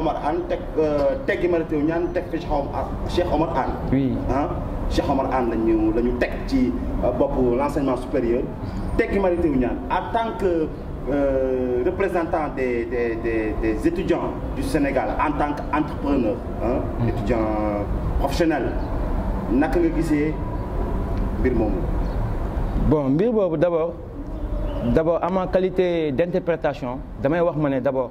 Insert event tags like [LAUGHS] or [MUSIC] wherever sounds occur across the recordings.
Omar Anne teg euh, teggi ma teew ñaan teg fi Cheikh Omar Anne. oui hein Cheikh Omar Anne ah, lañu lañu tek ci euh, bop l'enseignement supérieur teggi ñaan en tant que euh, représentant des des des des étudiants du Sénégal en tant qu'entrepreneur, entrepreneur hein, ah. Mm. étudiant professionnel naka nga gisee mbir moomu. bon mbir boobu D'abord, d'abord, à ma qualité d'interprétation, interprétation damay wax ma d'abord.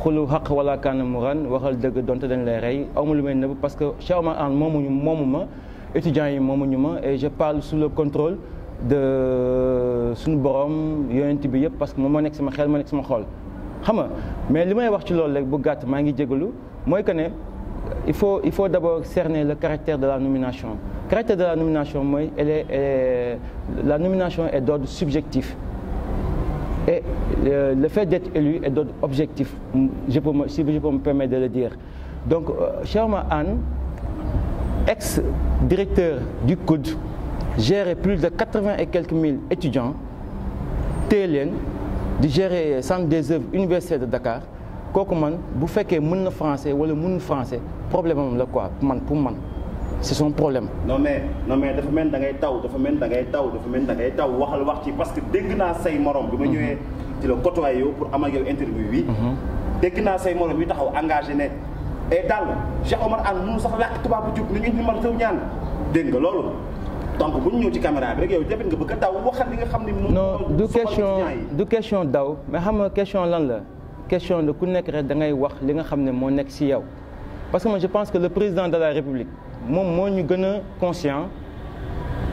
xulu xaq wala kan mu ran waxal dëgg donte dañ lay rey awma lu may ne parce que Cheikh an momu moomuñu moomu ma yi moomuñu ma et je parle sous le contrôle de suñu borom yonent bi yëpp parce que moom moo nekk sama xel moo nekk sama xol. xam nga mais li may wax ci loolu rek bu gàtt maa ngi jégalu mooy que ne il faut il faut d' abord cerner le caractère de la nomination caractère de la nomination mooy elle est la nomination est d' ordre subjectif. Et euh, le fait d'être élu est d'autres objectifs, si je peux me permettre de le dire. Donc, euh, Sherma Anne, ex-directeur du CUD, gère plus de 80 et quelques mille étudiants, TLN, de gérer centre des œuvres universitaires de Dakar, kooku vous bu que monde français le monde français problème le quoi pour moi c'est son problème. non mais non mais dafa mel da ngay taw dafa mel da ngay taw dafa mel da ngay taw waxal wax ci parce que dégg naa say morom. bi ma mhm. ñëwee ci le côtoyé pour amal yow interview bi. Mhm. dégg naa say morom yi taxaw engagé ne. et eh, daal Cheikh Omar Anne mënu sax làkk tubaab bu jub ni ñu mën saw ñaan dégg nga loolu. donc bu ñu ñëw ci caméra bi rek yow tamit nga bëgg a daw waxal li nga xam ne. non du question du question daw mais xam nga question lan la. question de ku nekk rek da ngay wax li nga xam ne nekk si yow parce que moi je pense que le président de la république moom moo conscient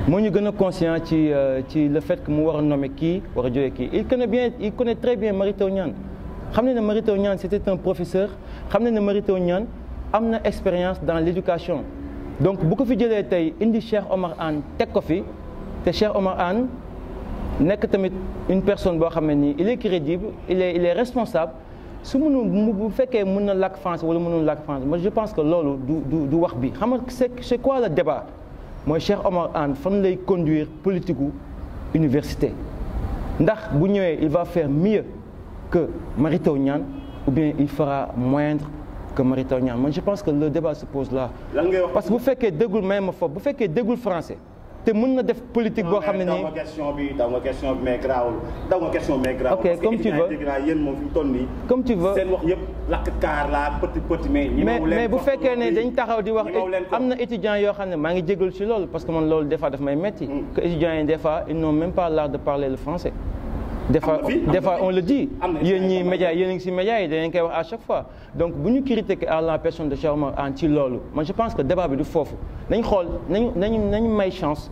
moo ñu conscient ci euh, ci le fait que mu war a nommer qui, war a il connaît bien il connaît très bien Mary Teuw Niane xam c'était un professeur xam ne ne a une expérience dans l'éducation donc beaucoup de gens jëlee tey indi Cheikh Omar Anne Tekofi, ko fi Cheikh Omar Anne n'est tamit une personne boo il est crédible il est il est responsable si vous faites que la France, ou français wala pas je pense que c'est du du c'est quoi le débat mon cher Omar Anne il lay conduire politique université il va faire mieux que Mary ou bien il fera moindre que Mary je pense que le débat se pose là. parce que bu que déggul même vous faites que déggul français te mën na def politique boo xam ne nii. daw nga question bi daw nga question bi mais garaawul daw nga question mais garaawul. ok comme tu veux parce yéen moom fi mu toll nii. comme tu veux seen wax yëpp lakk kaar la petit petit mais. mais mais bu fekkee ne dañ taxaw di wax am na étudiants yoo xam ne maa ngi jégalu ci loolu parce que man loolu des fois daf may metti mm. que étudiants yi des fois ils n'ont même pas l'art de parler le français. des fois des fois on le dit yéen ñi média yéen ngi si média yi dañu koy wax à chaque fois donc bu ñu critiquer à la personne de Charmant Oumar ci loolu man je pense que débat bi du foofu nañ xool nañ nañ nañu may chance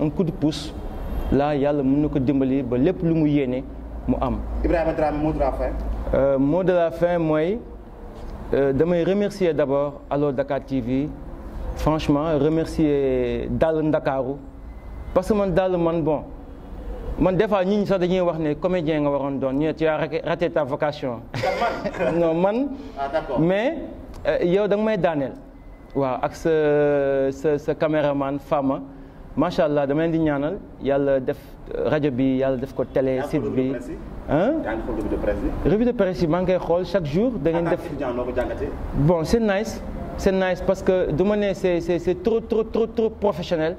un coup de pouce là Yalla y a ko dimbali ba lepp lu mu yéene mu am. Ibrahima Dramé mot de la fin. Euh, mot de la fin je euh, damay remercier d'abord Alors Allo Dakar TV franchement remercier Dal Dakarou parce que man Dal man bon man des fois ñi ñu sax dañuy wax né comédien nga waron doon tu as raté ta vocation. [LAUGHS] non man. Ah, mais euh, yow y a may daaneel. waaw ak ce ce ce caméraman femme, Masha'Allah, demain dama leen di ñaanal yàlla def euh, radio, bi yàlla def ko télé site bi. la revue de presse hein? de presse, ngi koy xool chaque jour. da ngeen def bon c'est nice. c'est nice parce que de manière, c'est c'est trop trop trop trop professionnel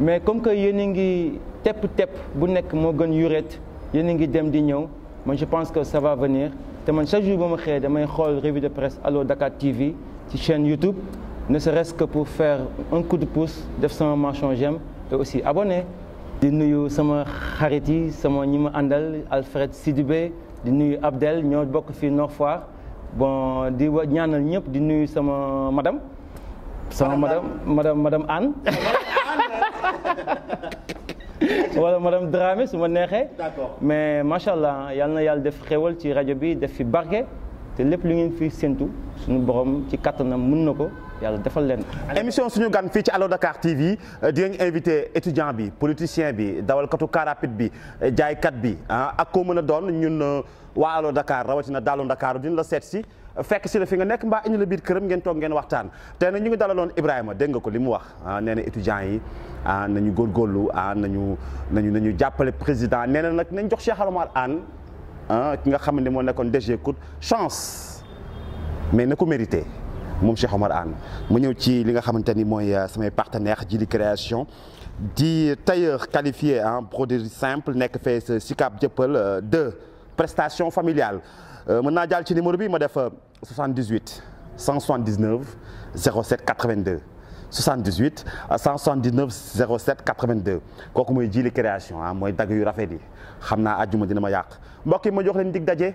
mais comme que y a ngi tep tep, bu nek mo gën yuret y a ngi dem di ñew man je pense que ça va venir té man chaque jour bama xé xëyee damay xol revue de presse allo Dakar TV ci chaîne YouTube ne serait-ce que pour faire un coup de pouce def sama mention j'aime et aussi abonner di nuyu sama xarit yi sama ñi Alfred Sidibé di nuyu Abdel ñoo bokk fii Nord bon di wa ñaanal ñëpp di nuyu sama madame sama madame madame madame Anne wala madame Dramé su ma D'accord. mais machallah, il y a yàlla def qui ci radio, bi def fi barke te lépp lu ngeen fi séntu suñu borom ci kattanam mën na yalla defal len émission suñu Dakar TV euh, invité étudiant bi politicien bi dawal katu bi euh, kat bi ah, ak nous ñun euh, Allo Dakar na Dalu Dakar la fekk ci la fi nga nek mba indi la biir kërëm ngeen tok ngeen waxtaan té na ñu ngi dalalon Ibrahima ko limu wax ah, yi ah, nañu nañu nañu nañu président nañ ne chance mais mérité moom Cheikh Omar Anne ma ñew ci li nga xamanteni moy euh, samay partenaire jili Création di tailleur qualifié en hein, produit simple nek fait ce sikap de euh, de prestation familiale euh, mën naa ci numéro bi ma def 78 179 07 82 78 179 07 82 kooku moy jili Création ah mooy je yu rafet yi xamna aljuma dina ma yaq mbokk ma jox len dig dajé